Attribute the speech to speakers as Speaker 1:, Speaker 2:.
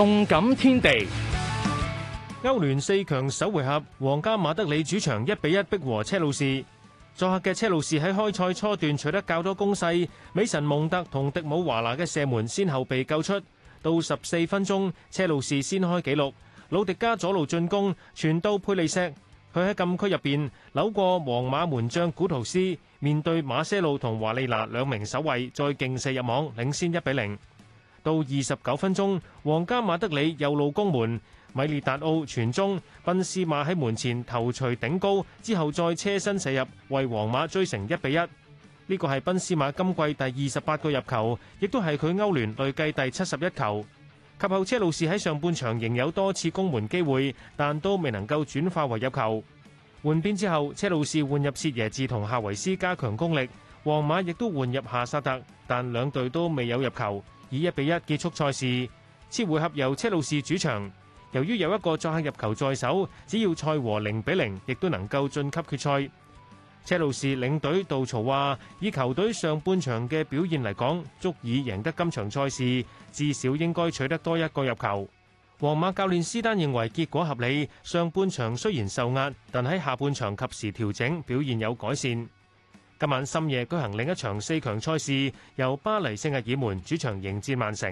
Speaker 1: 動感天地，歐聯四強首回合，皇家馬德里主場一比一逼和車路士。作客嘅車路士喺開賽初段取得較多攻勢，美神蒙特同迪姆華拿嘅射門先後被救出。到十四分鐘，車路士先開紀錄，魯迪加左路進攻傳到佩利錫，佢喺禁區入邊扭過皇馬門將古圖斯，面對馬些路同華利拿兩名守衛再勁射入網，領先一比零。到二十九分鐘，皇家馬德里右路攻門，米列達奧傳中，賓斯馬喺門前頭槌頂高，之後再車身射入，為皇馬追成一比一。呢個係賓斯馬今季第二十八個入球，亦都係佢歐聯累計第七十一球。及後車路士喺上半場仍有多次攻門機會，但都未能夠轉化為入球。換邊之後，車路士換入薛耶治同夏維斯加強攻力，皇馬亦都換入夏薩特，但兩隊都未有入球。1> 以一比一結束賽事，次回合由車路士主場。由於有一個作客入球在手，只要賽和零比零，亦都能夠晉級決賽。車路士領隊杜嘈話：以球隊上半場嘅表現嚟講，足以贏得今場賽事，至少應該取得多一個入球。皇馬教練斯丹認為結果合理，上半場雖然受壓，但喺下半場及時調整，表現有改善。今晚深夜舉行另一場四強賽事，由巴黎聖日耳門主場迎戰曼城。